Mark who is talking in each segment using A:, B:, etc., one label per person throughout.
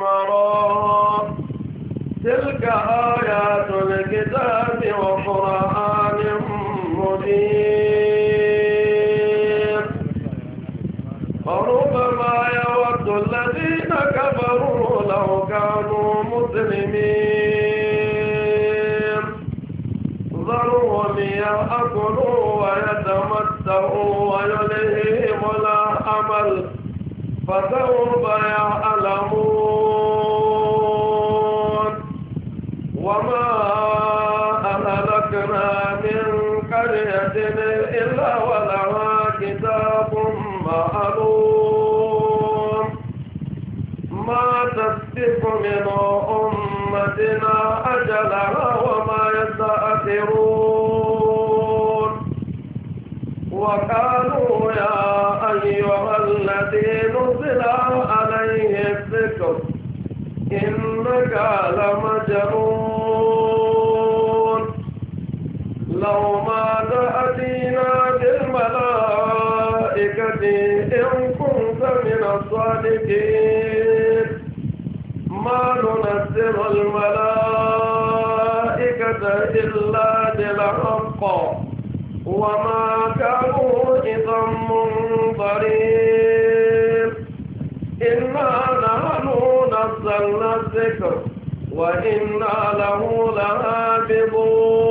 A: مرا تلك آيات الكتاب وقرآن مبين فربما يود الذين كفروا لو كانوا مسلمين ذرهم يأكلوا ويتمتعوا ويلههم أمل فسوف يعلمون وما أهلكنا من قرية إلا ولها كتاب معلوم ما تسبق من أمتنا أجلها وما يستأثرون وقالوا يا أيها الذي نزل عليه الذكر إنك لمجنون لو ما تأتينا بالملائكة إن كنت من الصادقين ما ننزل الملائكة إلا بالحق وما كانوا صم ضرير إنا نحن نزلنا الذكر وإنا له لهابضون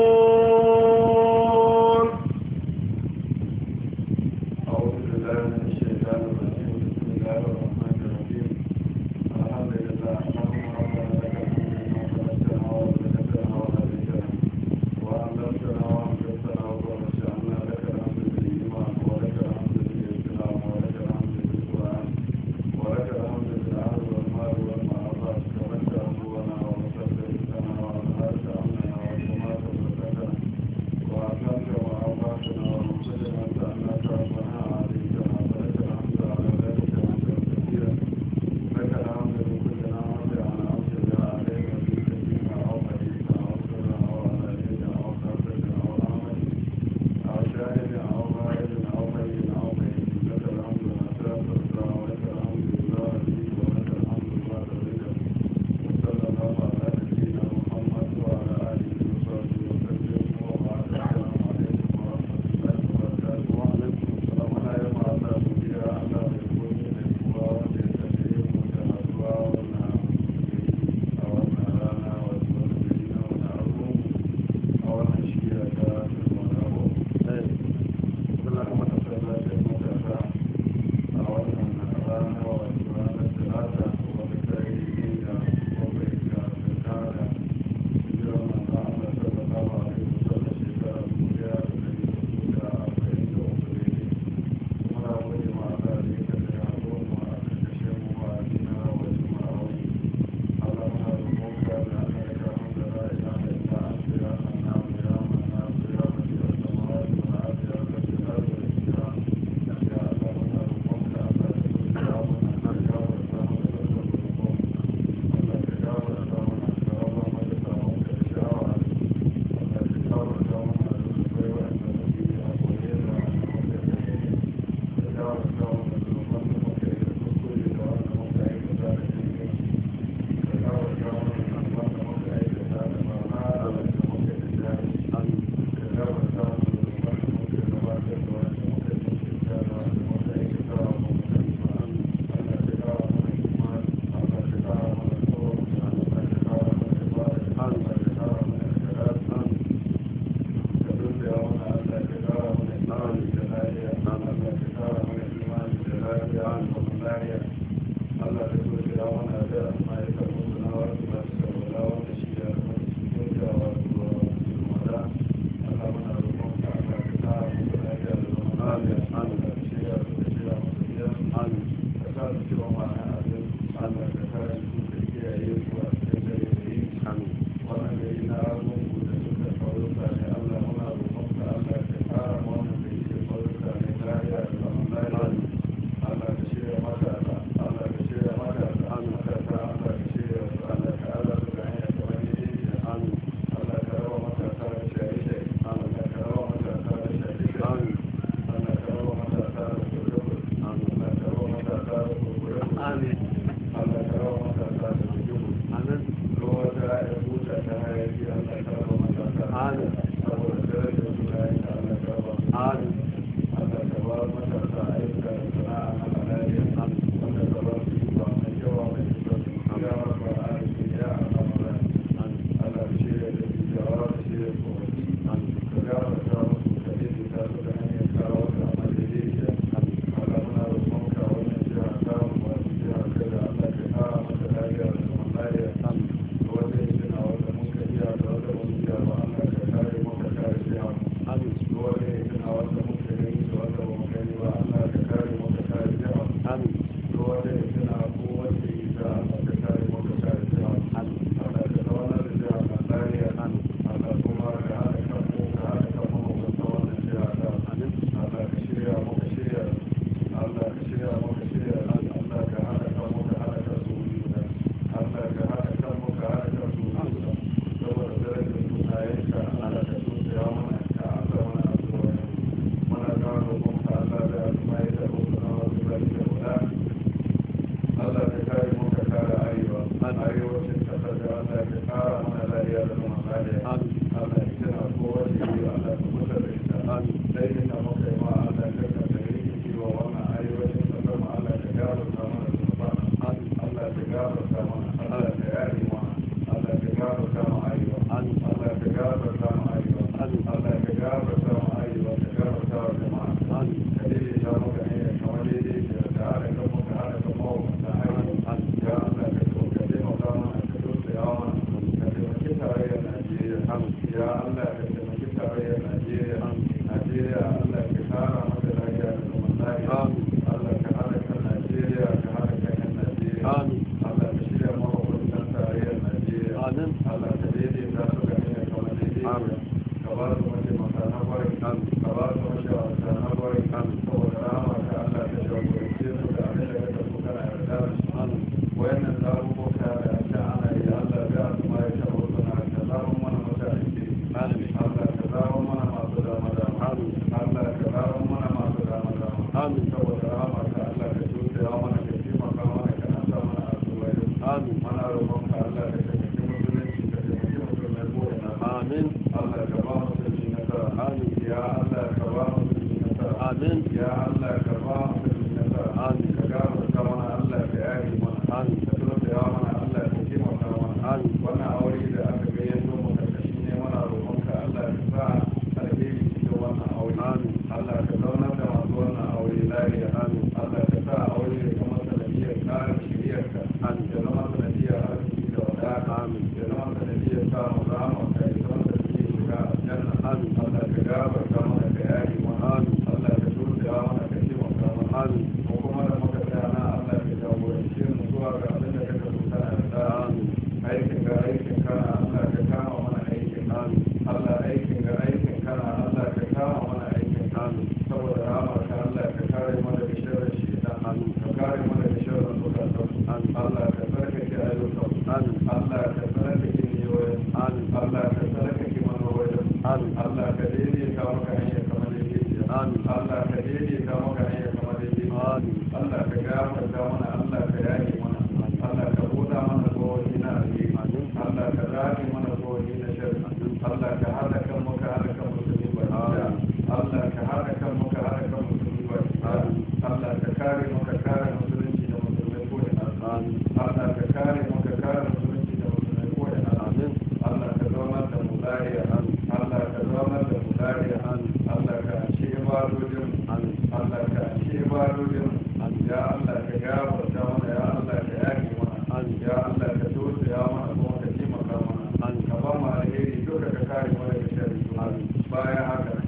B: ya Allah ka gafarta mana ya Allah ka yaki mana ya Allah ka tosa ya mana kuma ka mana ka ba mu alheri duka ka kare da sharri haka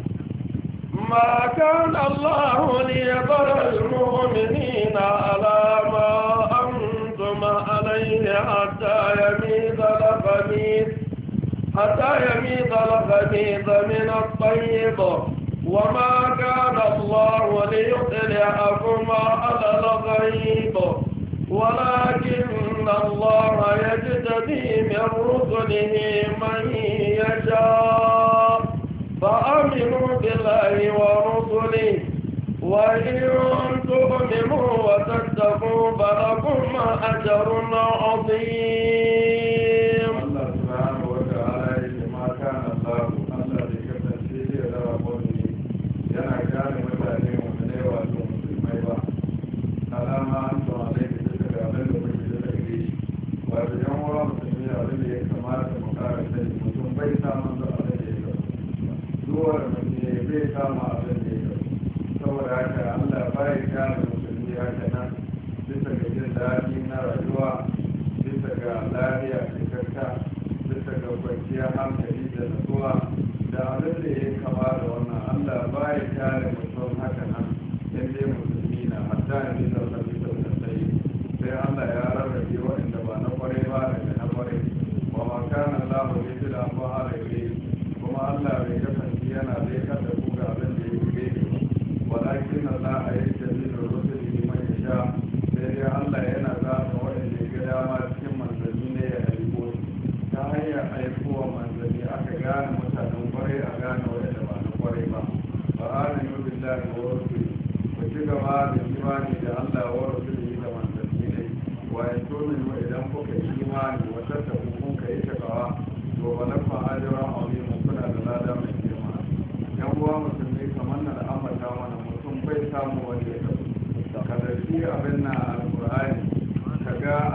B: ما كان
A: الله المؤمنين على ما أنتم عليه حتى يميز الخبيث حتى يميز الخبيث من الطيب وما كان الله ليطلعكم على الغيب ولكن الله يجتدي من رسله من يشاء فأمنوا بالله ورسله وإن تؤمنوا وتتقوا فلكم أجر عظيم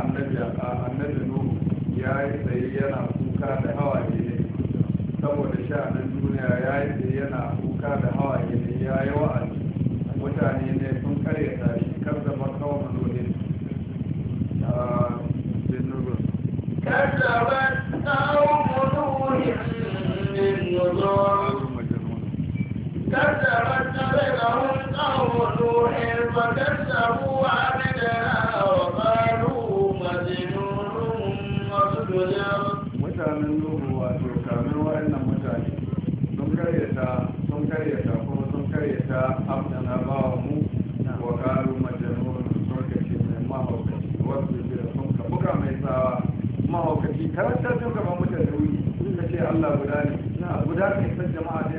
B: annabi annabi nuhu ya yi tsaye yana kuka da hawaye ne saboda sha'anin duniya ya yi tsaye yana kuka da hawaye ne ya yi wa'azi mutane ne sun karyata shi kan zama kawai manolin a jinnurun كذبت قوم نوح
C: للنذر كذبت قبلهم قوم نوح فكذبوا عبدنا
B: mutanen nuhu wato kamar wa'annan mutane sun karyata sun karyata kuma sun karyata abdana bawa mu wa karu majanun sun kace mai mahaukaci wasu da sun ka buga mai tsawa mahaukaci karantar sun gaban mutane wuyi sun ce allah guda ne na guda ne sun jama'a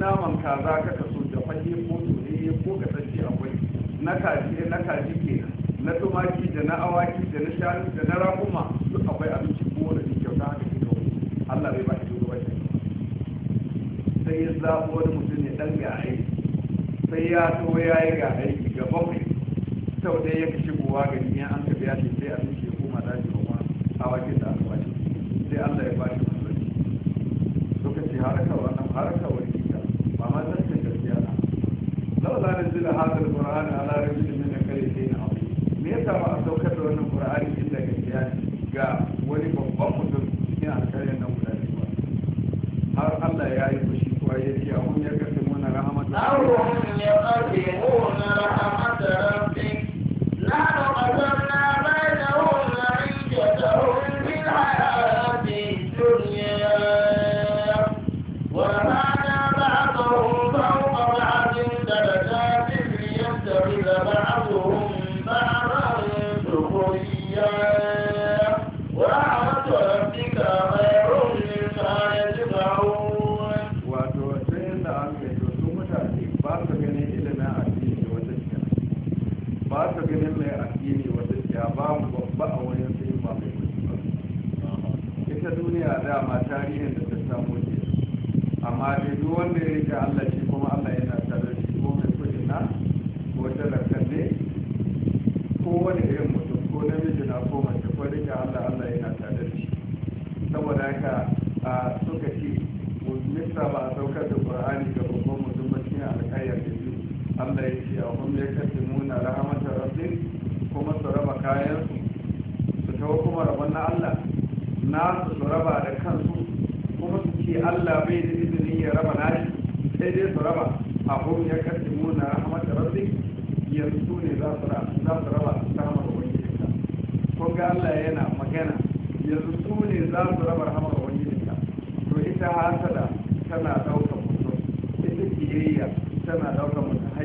B: naman kaza ka kaso da fage ko tsoye ko kasance akwai na kaji na kaji kenan na tumaki da na awaki da na shanu da na raƙuma duk akwai abinci ko wani ke kyauta haka ke kawo Allah bai ba shi bai sai ya zaɓo wani mutum ya ɗan ga aiki sai ya so ya yi ga aiki ga bakwai sau da ya kashe buwa ga niyan an ka biya shi sai abinci ya koma daji kuma awaki da aka sai Allah ya ba shi manzanci lokaci har هذا القرآن على رجل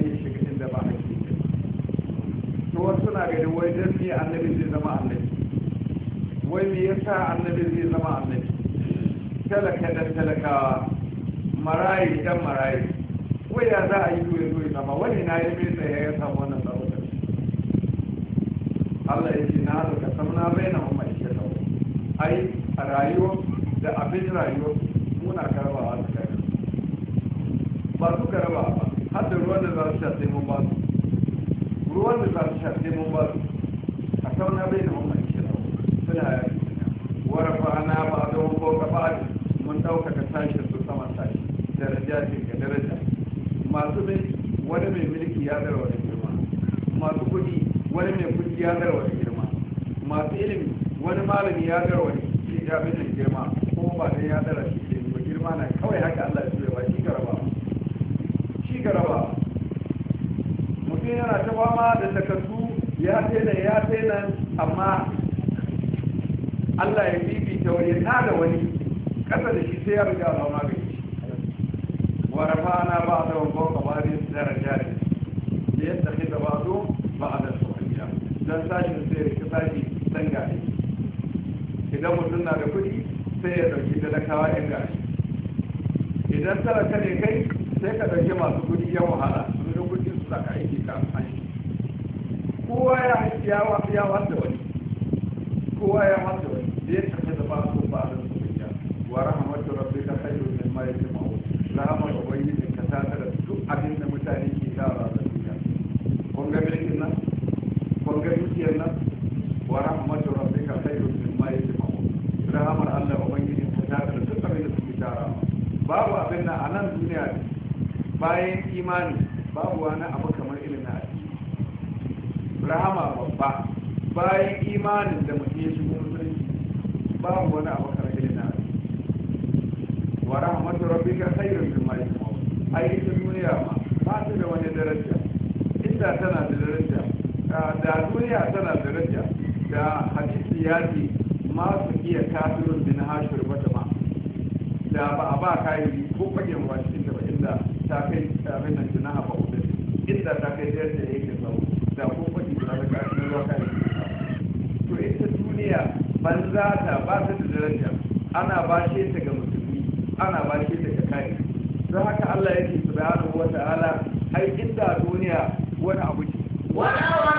B: ya shiga inda ba to wasu na ganin wai me annabi zai zama annabi wai me yasa annabi zai zama annabi talaka dan marayi dan marayi wai ya za a yi zuwa zuwa zama wani na yi mai tsaye ya samu wannan Allah ya ce na samu na bai na mamma ishe ta ai a rayuwa da abin rayuwa muna karbawa da kai ba su karbawa ba Hadda ruwan da za su sha sai mun ba su ruwan da za su sha sai mun ba su a kauna bai da wannan kira suna yaki warafa ana ba a wani ko kafa mun ka tashi su sama tashi daraja ce ga daraja masu bin wani mai mulki ya zara wani girma masu kuɗi wani mai kuɗi ya zara wani girma masu ilimi wani malami ya zara wani ya bin girma ko ba dai ya zara shi ba girma na kawai haka Allah da takardu ya tsena ya tsena amma Allah ya bibita wani na da wani kasa da shi sai ya riga ba magani wa na ba da kamar yin tsara jari da yadda ke da bazo ba a da soyayya Don sashin sai ya sashi dan gari idan mutum na da kuɗi sai ya dauki talakawa yan gari idan ka ne kai sai ka dauki masu kuɗi yan wahala kowa ya haifi ya wasu ya wanda wani kowa ya wanda wani da ya tafi da ba su ba da su wa rahmatu rabbika mimma yajma'un ka duk abin da mutane ke da kun ga mulkin nan kun ga dukiyar nan wa rahmatu rabbika mimma yajma'un Allah ka ta duk abin da suke babu abin nan a nan duniya bayan imani da duniya tana daraja da hadisi ya ce masu iya kafirun bin hashir wata ma da ba a ba kayan ko fagen ba cikin da ba inda ta kai abin nan jina hafa hudu inda ta kai da yadda yake tsawo da ko fagen da ta kai na zuwa kayan to ita duniya banza ta ba ta da daraja ana ba shi ta ga musulmi ana shi ta ga kayan don haka Allah yake subhanahu wa ta'ala ai inda duniya wani abu ce wani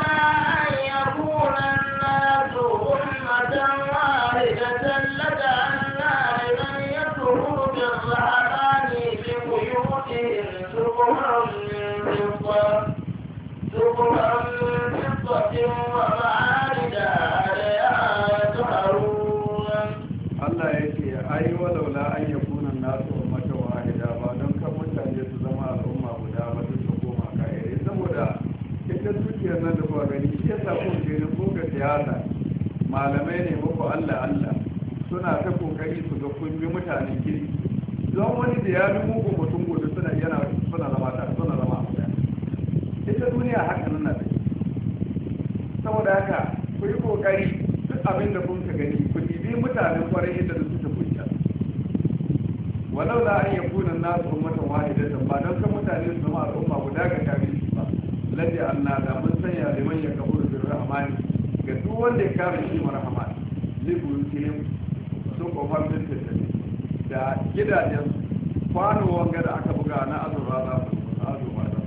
B: siyasa malamai ne muku allah allah suna ta kokari su ga kun bi mutanen kiri don wani da ya bi muku mutum gobe suna yana suna zama ta suna zama ita duniya haka nan da saboda haka ku yi kokari duk abin da kun ka gani ku bi mutanen kwarai yadda su ta kunya walau la an yakuna nasu ummatan wahidatan ba don kan mutane su zama al'umma guda ga kafin ba lalle Allah da mun sanya liman ya kafu wanda ya kare shi wa rahman zai yi kilim sun kofar bin tattali da gidajen kwanon wanga da aka buga na azurra za su azu ba da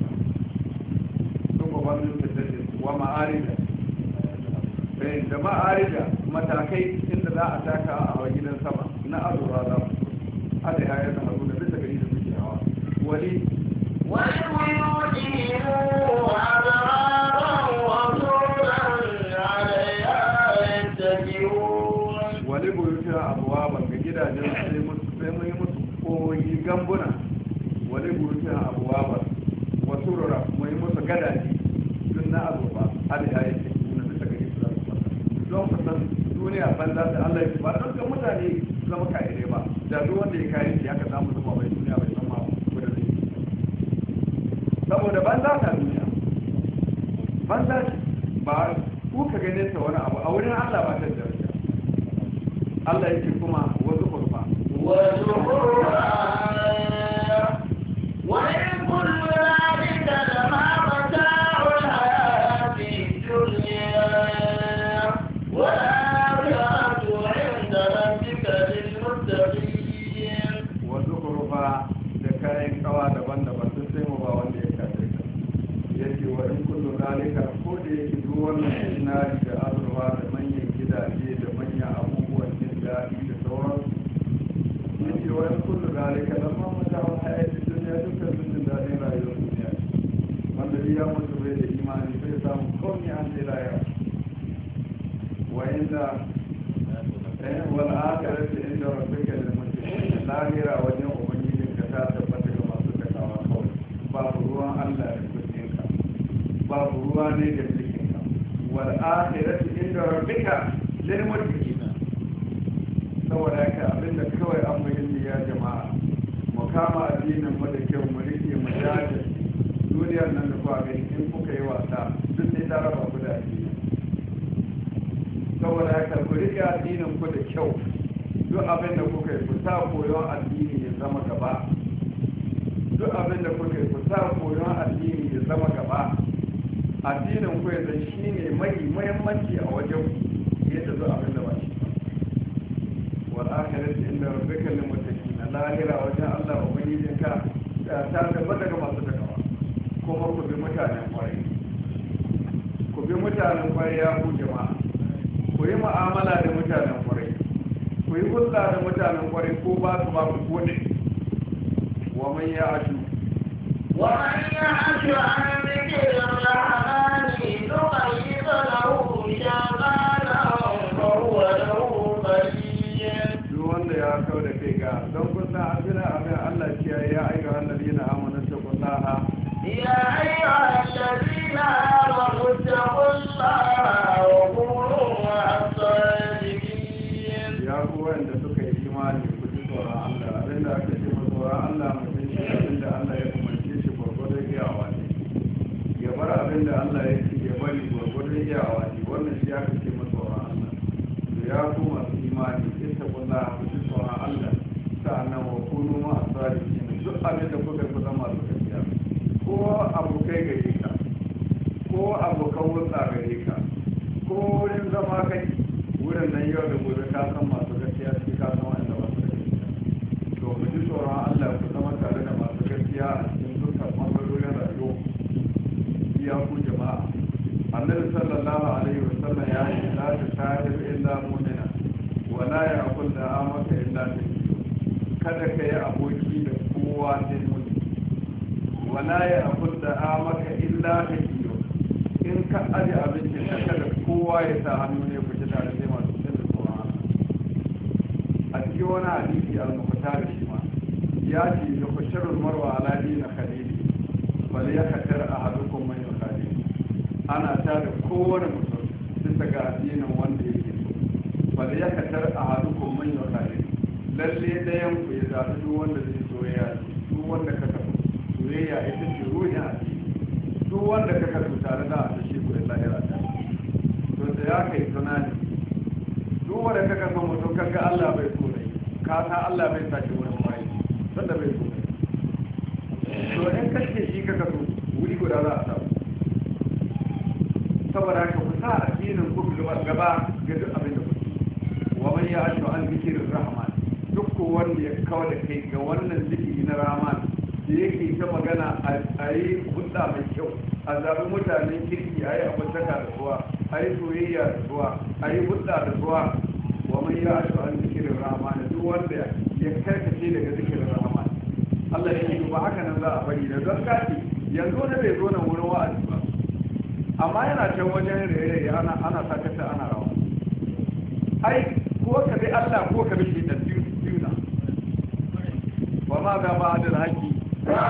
B: sun kofar da tattali wa ma'arida eh, da ma'arida matakai inda za a taka a gidan sama na azurra za su ada ya yi da hagu da bisa gari da suke hawa wani wani magana banza da Allah ya ba don ga mutane zama kaire ba da duk wanda ya kare shi aka samu zama bai duniya bai san ma ko da saboda banza ta duniya banza ba ku ka gane ta wani abu a wurin Allah ba ta daraja Allah yake kuma wazu kurfa wazu kurfa ذلك لما متاع الحياة الدنيا دكتور من ذلك لا يؤمن والذي يموت بيد الإيمان فيسام قومي عن الآية وعند والآخرة عند ربك للمتقين الآخرة وجه أمني كتاب فتك ما سكت على قول باب روان الله يكتبك باب روان يكتبك والآخرة عند ربك ايغا دونك تا عبدنا امي الله za a bari da don kafi yanzu wani bai zo nan wurin wa'azi ba amma yana can wajen raye ana ana sakata ana rawa ai ko ka bi Allah ko ka bi shi da biyu na wa ma ga ba da haƙi wa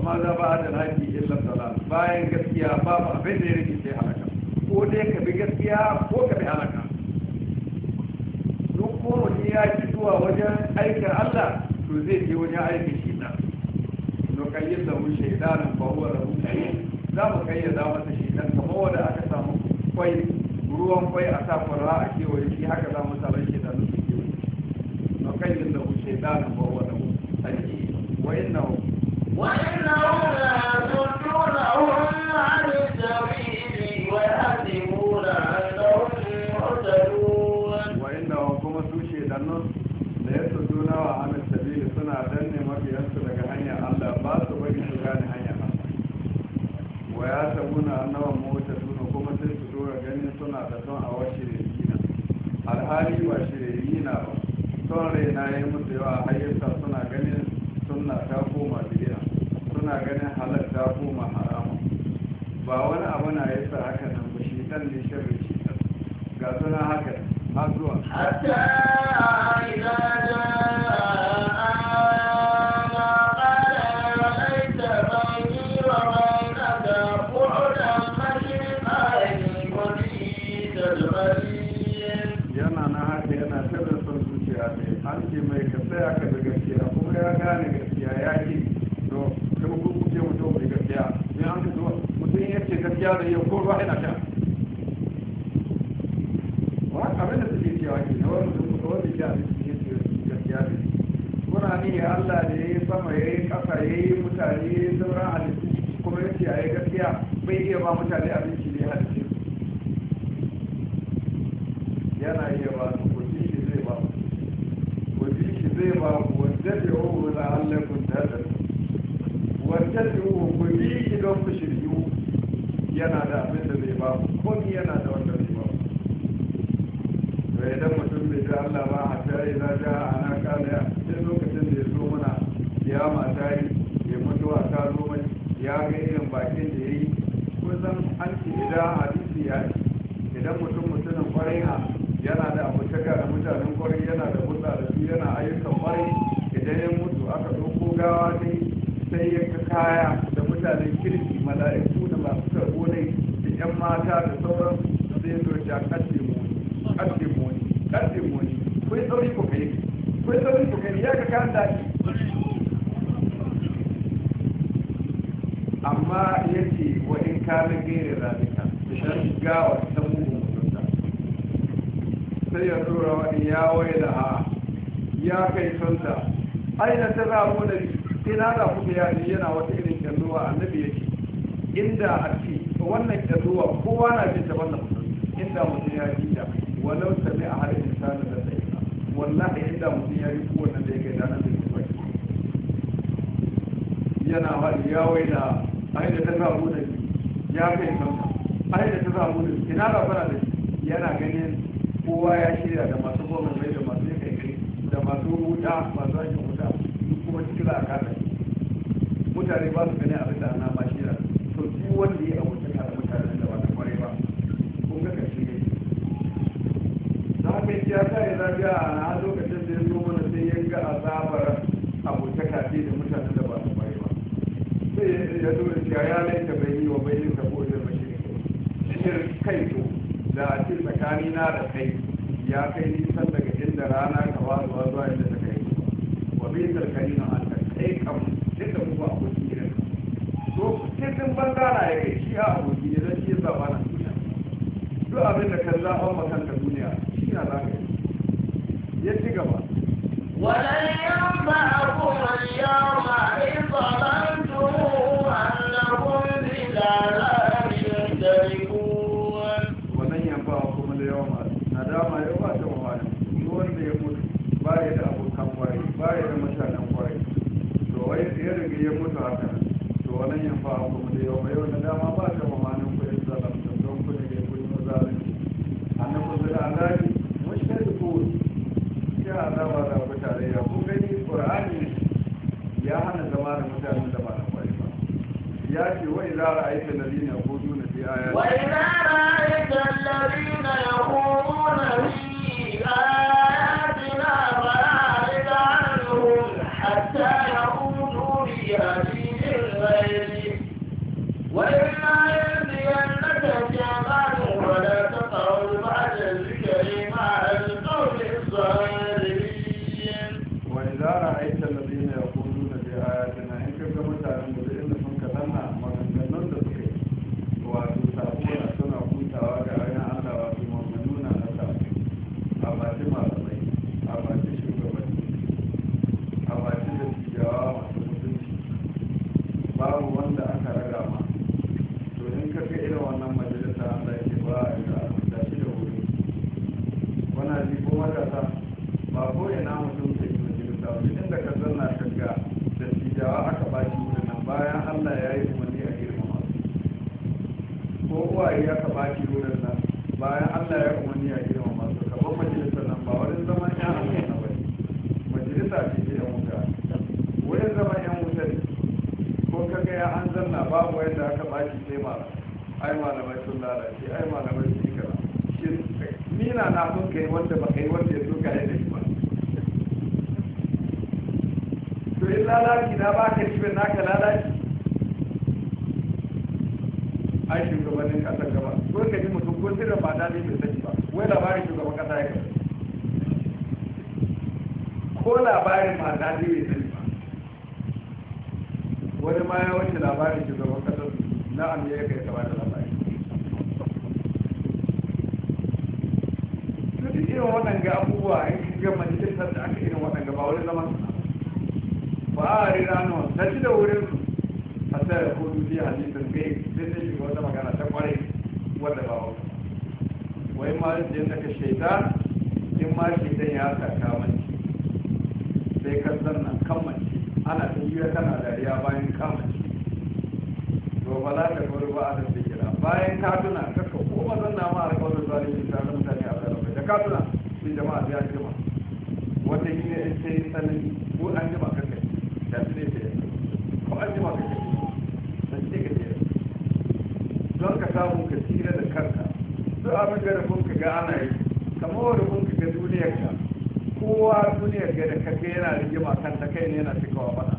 B: ma ga ba da haƙi illa salat bayan gaskiya babu abin da ya rike sai halaka ko dai ka bi gaskiya ko ka bi halaka Kuma mutum ya ki zuwa wajen aikin Allah to zai je wajen aikin shi na no kayyar da mun shaidanin ba huwa rabu za mu kai ya kayyada masa shaidan kamar wanda aka samu kwai ruwan kwai a sa fara a kewaye shi haka za mu samu shaidan su kewaye no kayyar da mun shaidanin ba huwa rabu wa innahu wa innahu la tuduna karkatar ne mafiyansu daga hanyar Allah ba su bari su gane hanyar Allah wa ya samu na annawan mota suna kuma sai su dora ganin suna da son awa na alhali ba na ba son na ya musu yawa hayyarsa suna ganin suna ta koma biya suna ganin halar ta koma harama ba wani abu na yasa haka nan ba shi dan ne shirin shi ga suna haka har zuwa kowa yana sha wa abin da suke cewa ke na wani mutum da wani da suke ce kuna ne allah da ya yi sama ya yi ƙasa ya yi mutane ya yi sauran halittu kuma ya ce a yi gaskiya bai iya ba mutane abinci ne halittu yana iya ba kuɗi shi zai ba kuɗi shi zai ba allah kuɗi shi don yana da abin da bai ba ni yana da wanda bai ba to idan mutum bai ji Allah ba a tare na ja ana kana sai lokacin da ya zo mana ya ma yi ya mutu ta zo mai ya ga irin bakin da ya yi kusan an ce da hadisi ya yi. ya waye da ha ya kai santa aina ta zamu da ina da kuka ya ni yana wata irin kalluwa annabi yake inda a ce wannan kalluwa kowa na jin ta wannan inda mutum ya ji ta walau sami a har insan da sai wallahi inda mutum ya yi kowanne da yake da nan da yake yana hali ya waye da aina ta zamu da ya kai santa aina ta zamu da ina da fara da yana ganin kowa ya shirya da masu goma mai da masu kai da masu wuta masu aikin wuta kuma cikin a kasa mutane ba su gani abin da ana ma shirya to ji wanda ya abu ta da mutane da ba su kwarai ba kun ga kashi ne za ka yi ya sa ya zafi a lokacin da ya zo mana sai ya ga azabar abu ta kafe da mutane da ba su kwarai ba sai ya zo da cewa ya laita bai yi wa bai yin da kodin mashi ne kai to da a ce tsakanina da kai ya kai nisan daga inda rana ka faruwa zuwa waɗanga abubuwa in jiyar majalisar da aka irin waɗanga ba wani zaman ba a rira rano ta ci da wurin a tsaya ko dubi jikin gai zai ta shiga wata magana ta kwarai wadda ba wata wai ma jin daga shaita in ma shaitan ya saka manci sai ka zanna kan manci ana ta yi na dariya bayan ka manci to ba za ka kori ba a da bayan ka tuna kakka ko mazan na ma a kawar zalimin ta zama ne a zalimin da ka tuna sun jama a biyar jima wanda yi ne sai tsanani ko an jima kanka da su ne sai ko an jima kanka da su ka ce don ka samu ka tsira da kanka duk abin da rufin ka ga ana yi kamar rufin ka ga duniyar ka kowa duniyar ga da kake yana rigima kanta kai ne yana cikawa bana,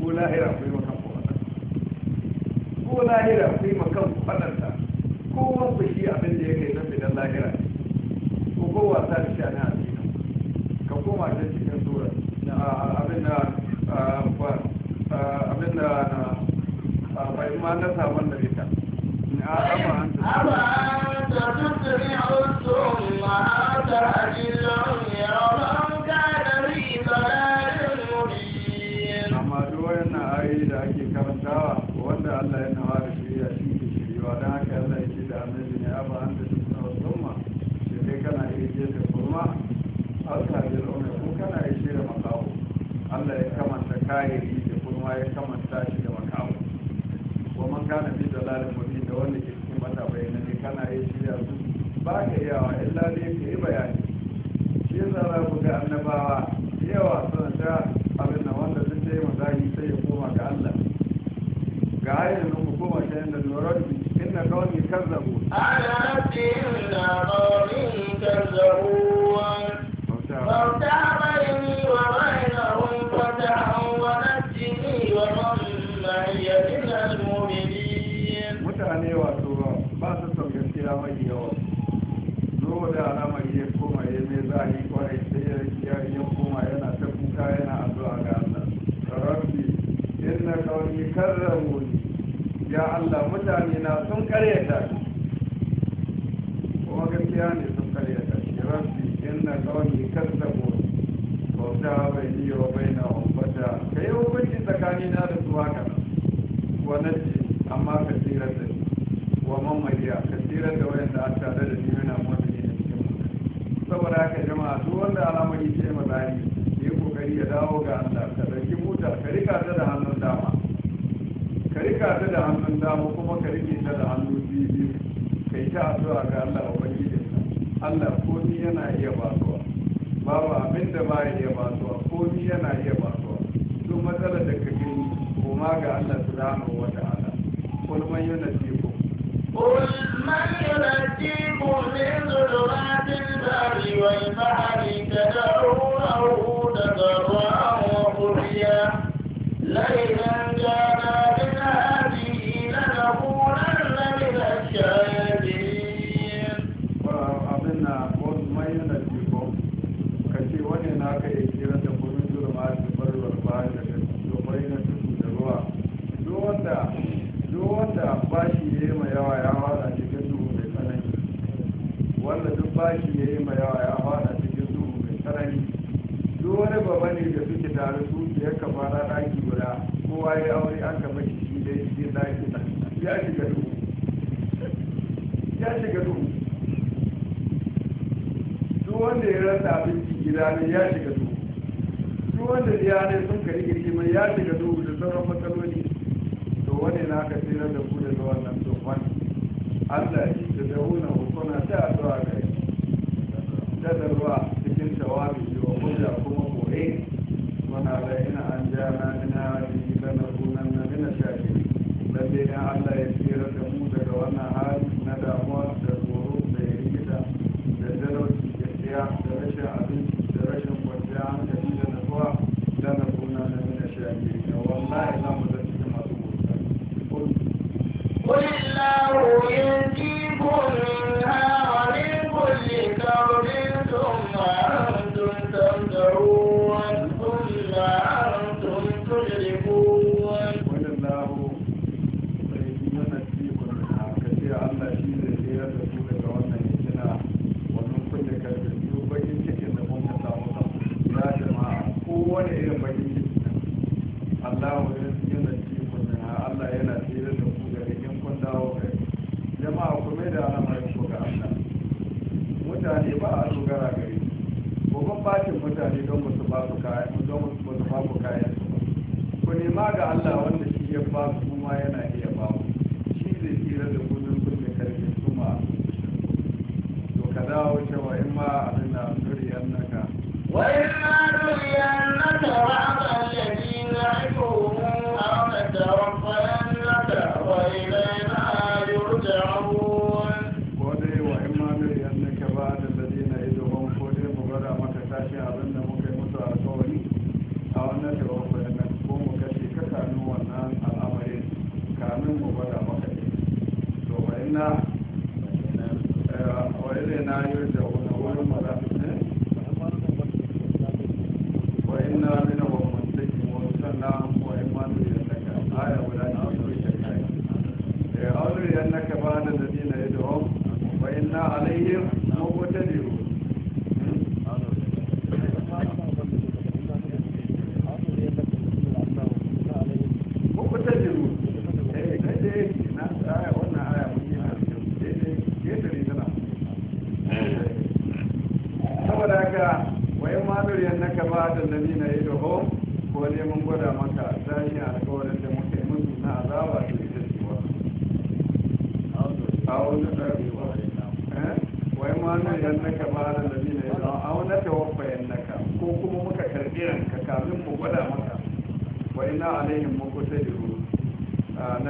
B: ko lahira ku yi makan ku ko lahira ku yi makan ku kowa ku shi abin da ya kai nan bidan lahira ta da shi a cikin ka koma ta cikin sura abin da abin da na bai ma na da rita a
C: aba an ta
B: karramuni ya Allah mutane na sun karyata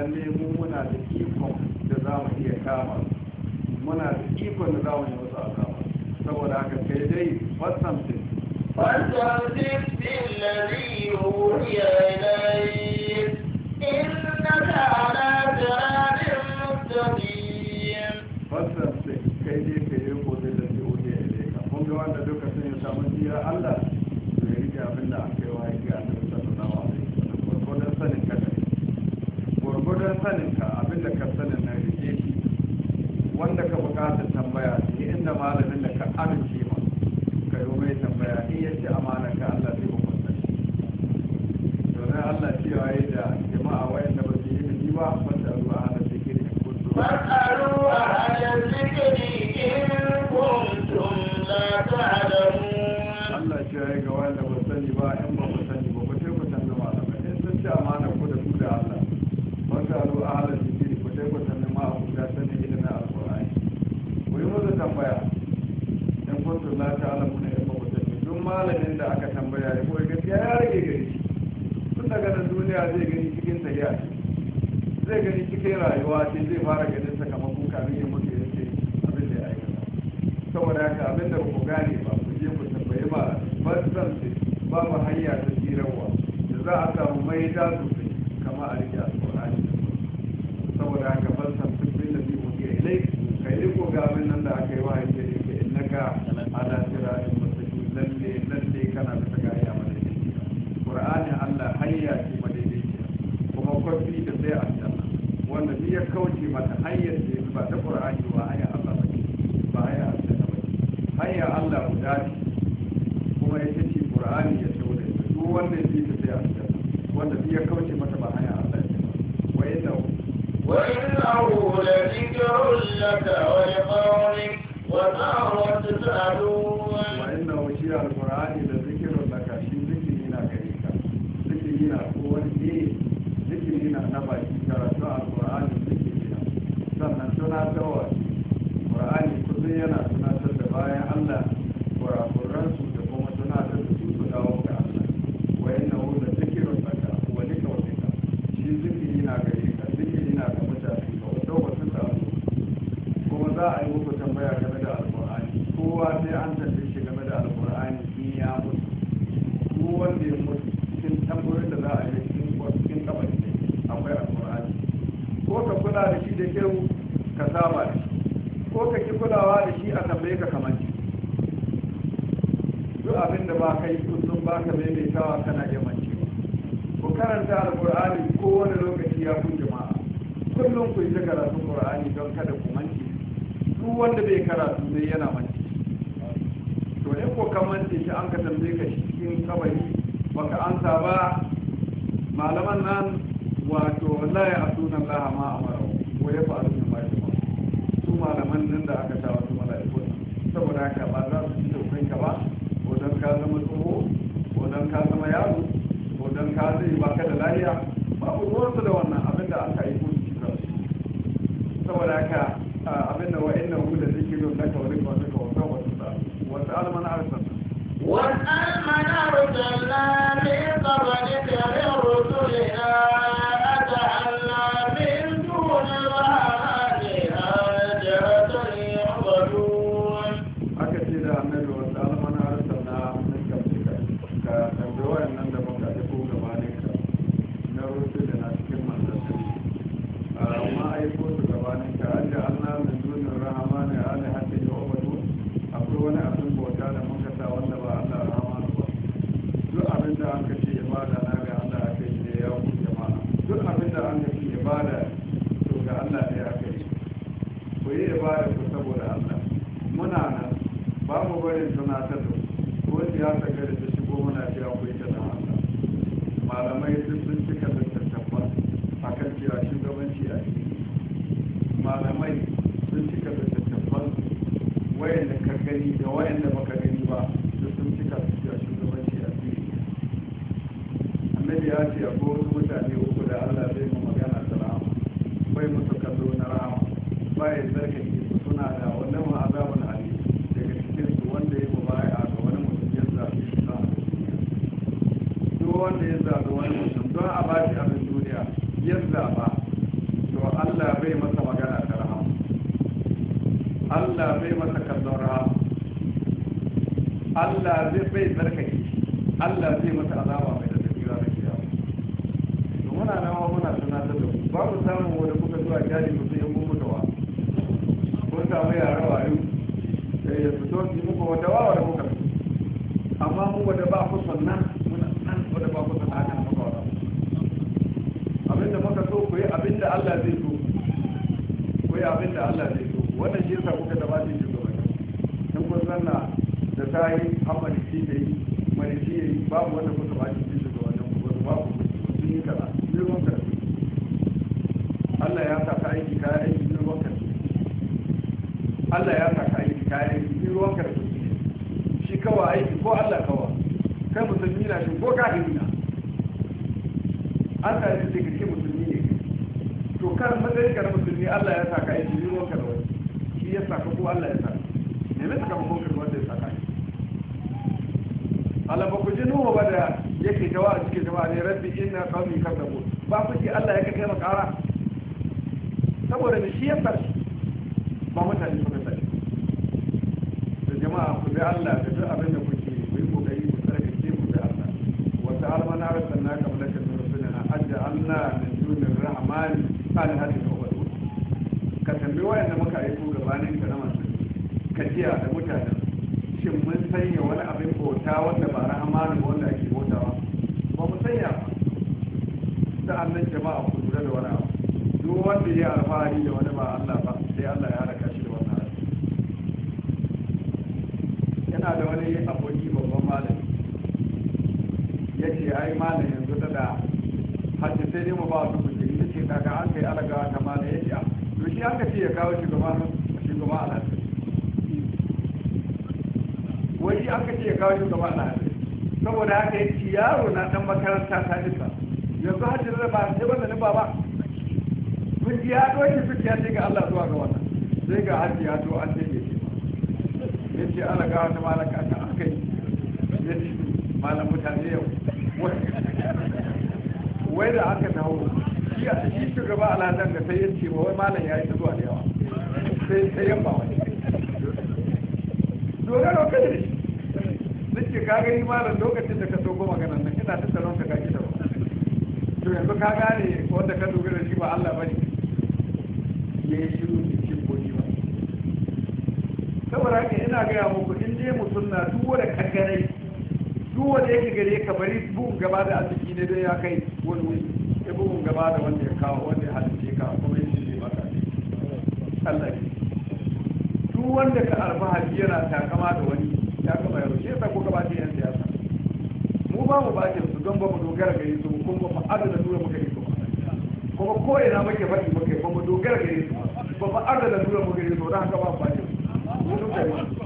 B: lalle mu muna da ikon da za mu iya kama muna da ikon da za mu yi wasu azaba saboda haka sai dai fasamtin fasamtin
C: billazi yuhiya ilayk innaka ala siratin mustaqim
B: fasamtin kai dai kai yi kodai da zai yuhiya ilayk kun ga wanda duka sun yi samun jira Allah to ya rike abin da aka gwargwadon sanin ka da ka sanin na rike shi wanda ka bukatar tambaya ne inda malamin da ka amin tunatarwa ƙur'ani kullum yana tunatar da bayan allah kurakuransu da kuma tunatar da su su dawo wayanda ka gani da wayanda baka gani ba da sun cika su cewa shugabanci a fili annabi ya ce akwai wasu mutane uku da allah zai mu magana da rahama bai musu kallo na rama. ba ya zarge su suna da wannan azabun ali daga cikin su wanda ya mubaya ga wani mutum ya zaɓi shi kan duk wanda ya zaɓi wani mutum don a ba shi abin duniya ya zaɓa to allah bai masa magana Allah bai masa kallon raha Allah zai bai tsarkake Allah zai masa azaba mai da tafiya da kiyawa to muna nawa muna suna da ku ba mu samu wanda kuka zuwa jari mutum sai mun wa ko samu yara wayo sai ya fito ki muku wata wawa da kuka amma mu wanda ba kusa ai malam yanzu da hajji sai dai mu ba su kuɗi ita ce kaga an kai alaga ta malam ya ce to shi an ka ya kawo shugaban shugaban alhaji wai shi an ka ya kawo shugaban alhaji saboda haka ya ci yaro na dan makaranta ta isa yanzu hajji da ba sai wanda ni ba kun ji ya doki su ya ce ga Allah zuwa ga wannan sai ga hajji ya zo an ce ya ce alaga ta malam ta aka ya ce malam mutane yau wai da aka dawo shi a cikin shugaba alasan da sai ya ce ba wai malam ya yi ta zuwa da yawa sai sai yamba wani dogaro kai da shi nake ka gani malam lokacin da ka so goma ganin nan ina ta tsaron ka gaji da ba to yanzu ka gane wanda ka dogara shi ba Allah bane ya yi shiru ne ce ko ba saboda haka ina gaya muku in je mutum na duk wanda kankanai duk wanda yake gare ka bari bugun gaba da arziki ne don ya kai gaba da wanda ya kawo wanda ya halice ka kuma shi ne maka Allah ne duk wanda ka alfahari yana takama da wani ya kama yau shi yasa ko ba ta yan siyasa mu ba mu bace su don ba mu dogara gare su kuma ba mu adada nuna muka yi kuma ko ina muke faɗi muka ba mu dogara gare su ba mu adada nuna muka yi su don haka ba mu bace su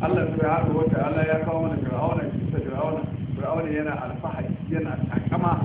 B: Allah ya kawo mana fir'auna fir'auna fir'auna yana alfahari 现在菜，干嘛？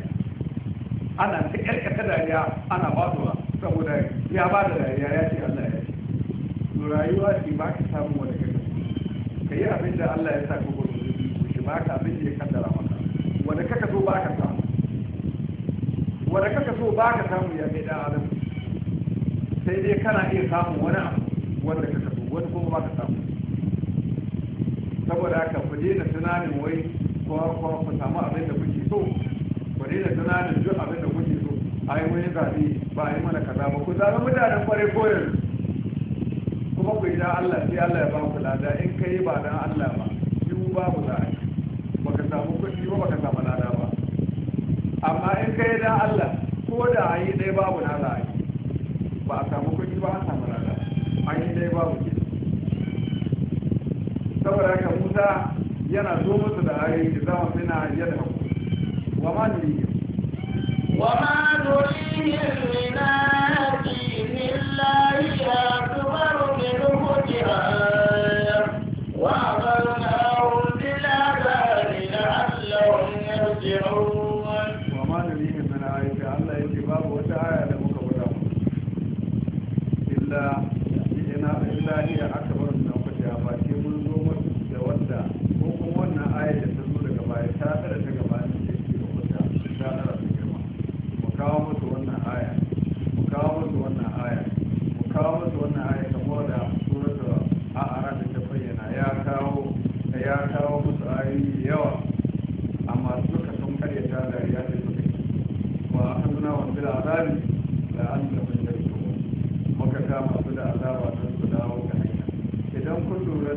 B: ana ta karkata dariya ana faduwa saboda ya ba da dariya ya ce Allah ya ce to rayuwa ce ba ka samu wani kai ka yi abin da Allah ya sa ka gudu shi ba ka abin da ya kaddara maka wani kaka so ba ka samu Wani kaka so ba ka samu ya mai da sai dai kana iya samun wani abu wanda ka so wani kuma ba ka samu saboda haka ku daina tunanin wai ko ku samu abin da kuke so daina tunanin duk abin da kuke so a yi wani zaɓe ba a yi mana kaza ba ku zaɓi mutanen kwarai ko yanzu kuma ku yi da Allah sai Allah ya ba ku lada in ka yi ba dan Allah ba yiwu babu za a yi baka samu kuɗi ba ka samu lada ba amma in ka yi dan Allah ko da a yi ɗaya babu na za a yi ba a samu kuɗi ba an samu lada a yi ɗaya babu ke saboda haka Musa yana zo musu da ayoyi da zama suna yadda وما نريهم وما نريهم
C: من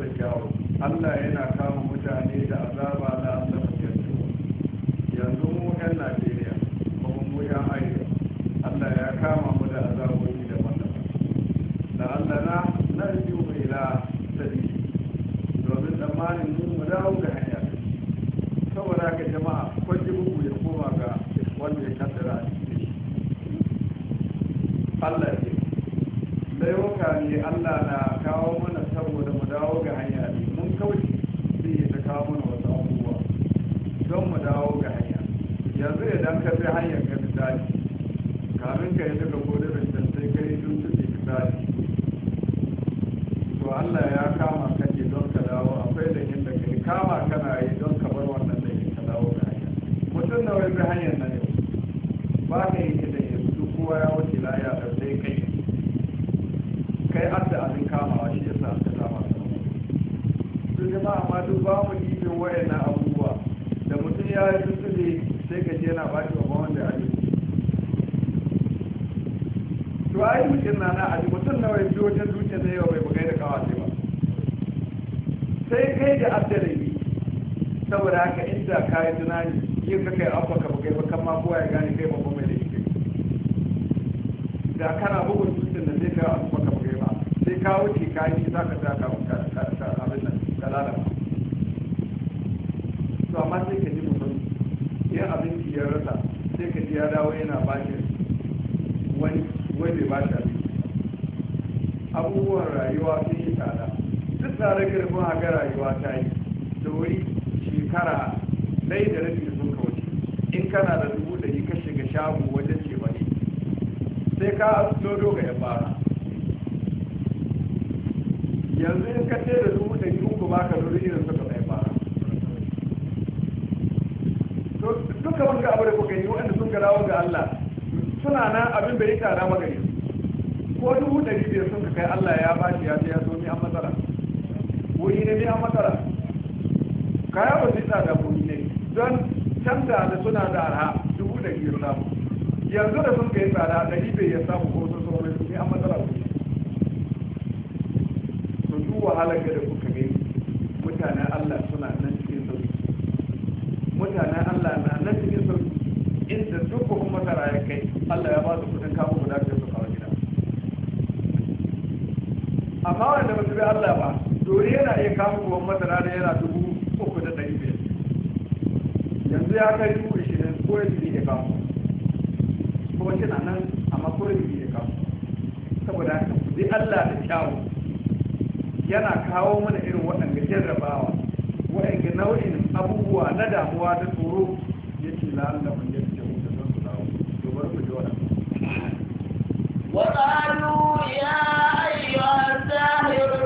B: da kyawu Allah yana kama mutane ya matsara kaya ba su yi tsada kogi ne don canza da suna da arha dubu da biyar samu yanzu da sun kai tsada da bai ya samu ko sun sauran su sai an matsara ku ne to duk wahalar da kuka ne mutanen Allah suna nan cikin sauki mutanen Allah na nan cikin sauki inda duk kuma masara ya kai Allah ya ba su kudin kamun guda da su kawo gida amma wanda ba su bi Allah ba dori yana iya kama ruwan masara da yana dubu uku da ɗari biyar yanzu ya kai dubu ishirin ko ya ji ya kama ko shi na nan amma ko ya ji ya kama saboda haka ku Allah da kyawu yana kawo mana irin waɗanda jarrabawa waɗanda nau'in abubuwa na damuwa da tsoro ya ce yake da mun yadda da don su dawo to bari mu ji waɗanda وقالوا يا أيها الساحر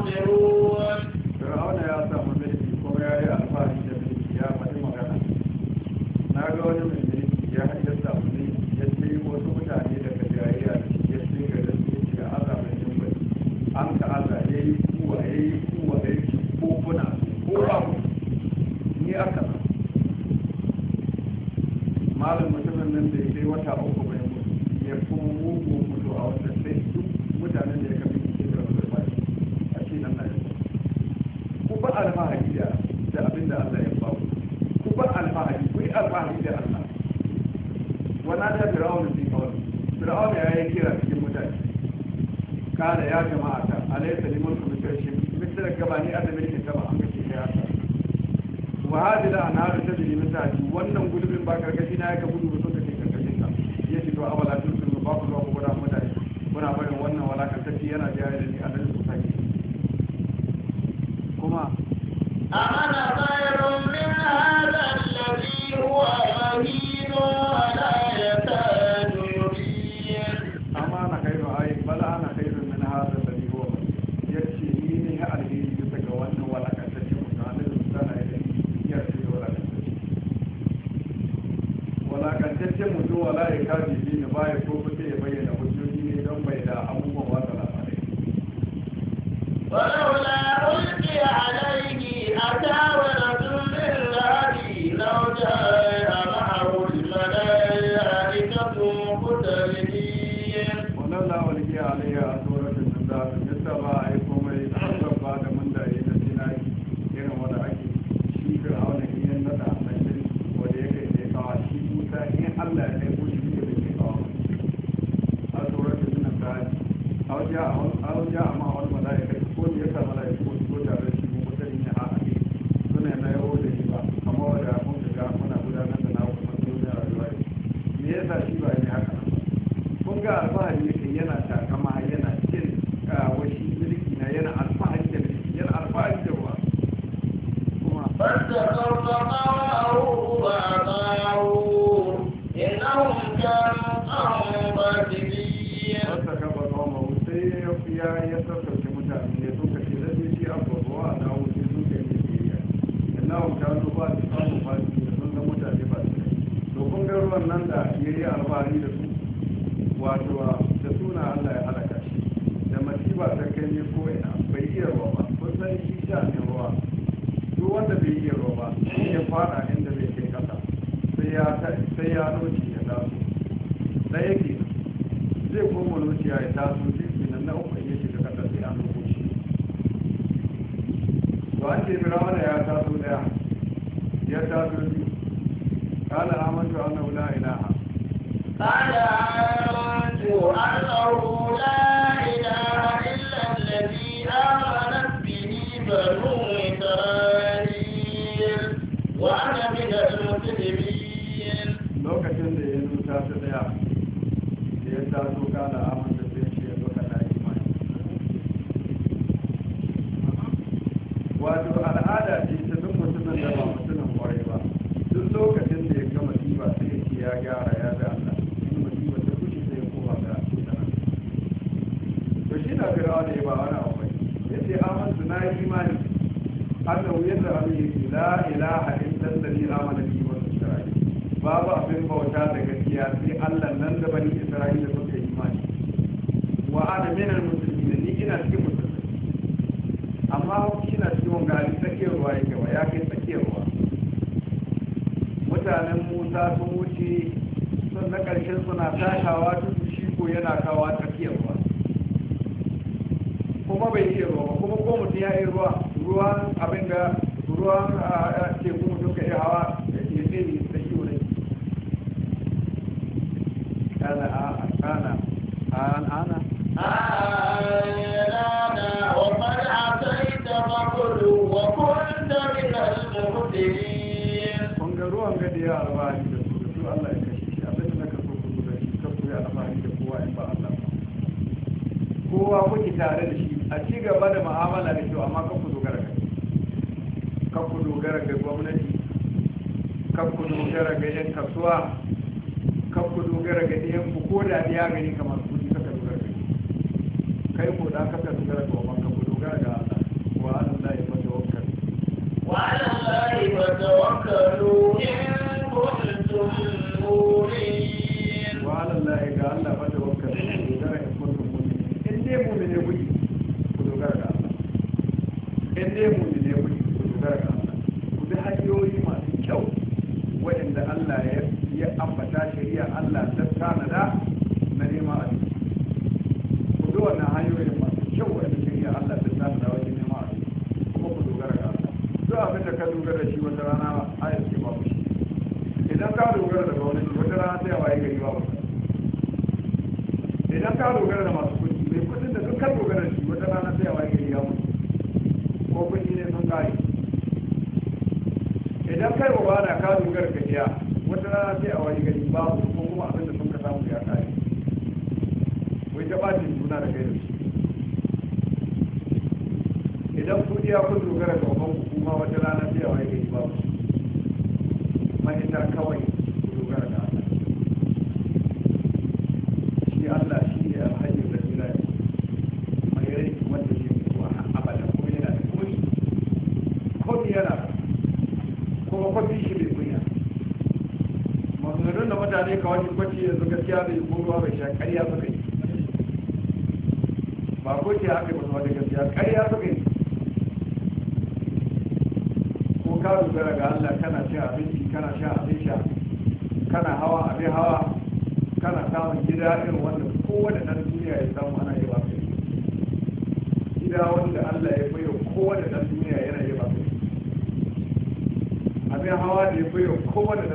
B: تطلعون kowa kuke tare da shi a ci gaba da mu'amala da kyau amma kan ku dogara ga kan ku dogara ga gwamnati kan ku dogara ga yan kasuwa kan ku dogara ga 'yan ku ko da ɗiya gani kamar kuɗi kaka dogara ga kai ko da ta dogara ga wa kan ku dogara ga Allah wa Allah ya fata wakar wa 的路。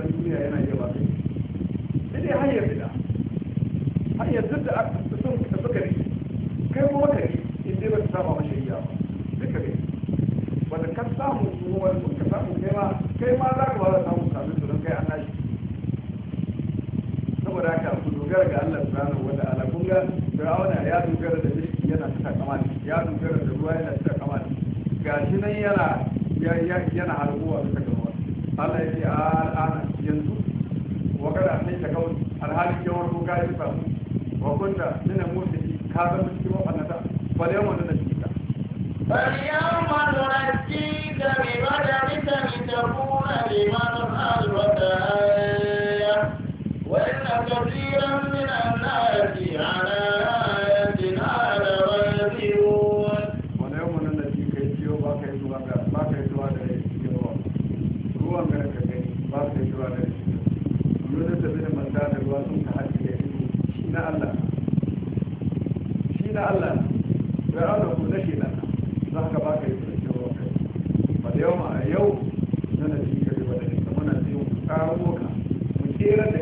B: abin duniya yana iya ba sai dai hanyar bida hanyar duk da aka sun suka ne kai kuma ka ne in dai ba ta saba mashi iya ba duka ne wanda ka samu kuma ka samu kai ma kai ma za ka ba za samu samun su don kai an nashi saboda haka ku dogara ga Allah subhanahu wa ta'ala kun ga Fir'auna ya dogara da shi yana ta kamani ya dogara da ruwa yana ta kamani gashi nan yana yana harbuwa bisa ga Allah ya ce al'ana yanzu wa kada ne ta kawo alhalin yawar ko kayan samu wa kunta nuna motsa ka zama cikin ba da yawan cikin ka. فاليوم ننجيك ببدنك ta na Allah shi na Allah fir'auna ko na shi na za ka ba ka yi sarki wa kai ba da yau ma a yau na na ji ka bi wadda ka muna zai mu karo ka mu tsere da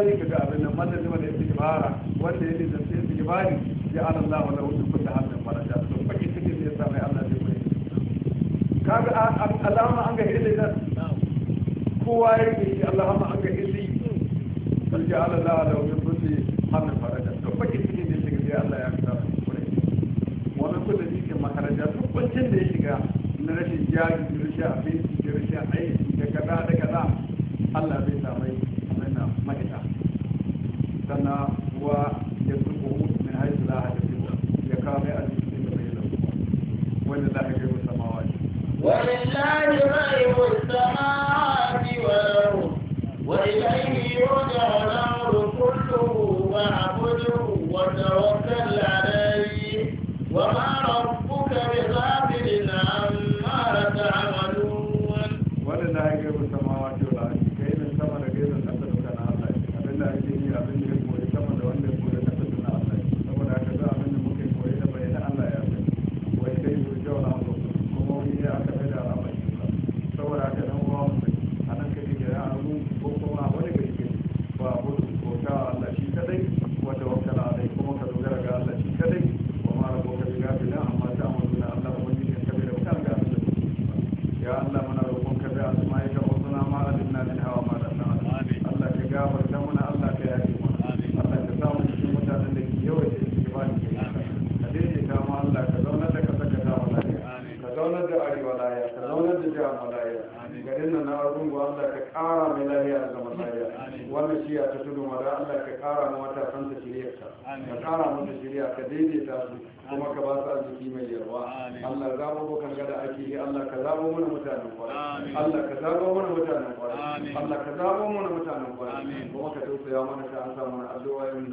B: zalika ga abin nan da istibara wanda ya ya ala Allah wa lahu to fake cikin ne yasa mai Allah zai kaga alama an ga nan kowa ya shi Allahumma an ga ja ala Allah to fake cikin ne Allah na rashin jari rashin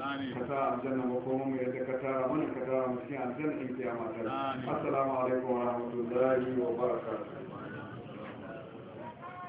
B: ka sa aljanna